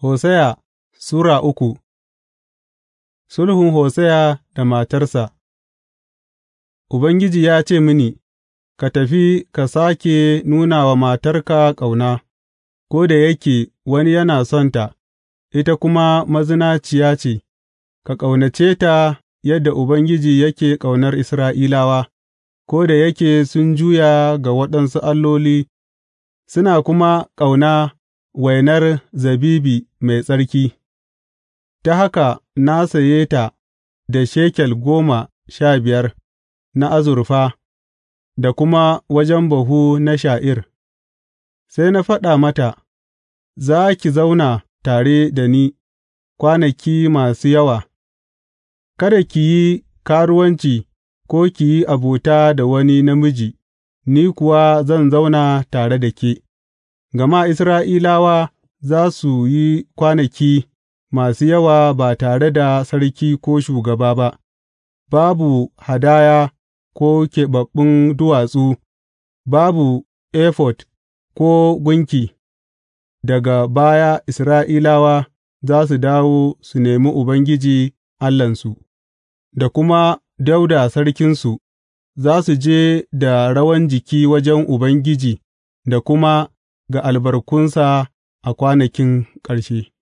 Hosiya Sura uku Sulhun Hosiya da matarsa Ubangiji ya ce mini, Ka tafi ka sake nuna wa matarka ƙauna, ko da yake wani yana sonta, ita kuma mazinaciya ce, ka ƙaunace ta yadda Ubangiji yake ƙaunar Isra'ilawa, ko da yake sun juya ga waɗansu alloli suna kuma ƙauna wainar zabibi mai tsarki, ta haka na saye ta da shekel goma sha biyar na azurfa da kuma wajen bahu na sha'ir, sai na faɗa mata, Za ki zauna tare da ni kwanaki masu yawa, kada ki yi karuwanci ko ki yi abuta da wani namiji, ni kuwa zan zauna tare da ke. gama Isra'ilawa za su yi kwanaki masu yawa ba tare da sarki ko shugaba ba, babu hadaya ko keɓaɓɓun duwatsu, babu efod ko gunki, daga baya Isra'ilawa za su dawo su nemi Ubangiji Allahnsu, da kuma Dauda sarkinsu, za su je da rawan jiki wajen Ubangiji da kuma ga albarkunsa a kwanakin ƙarshe.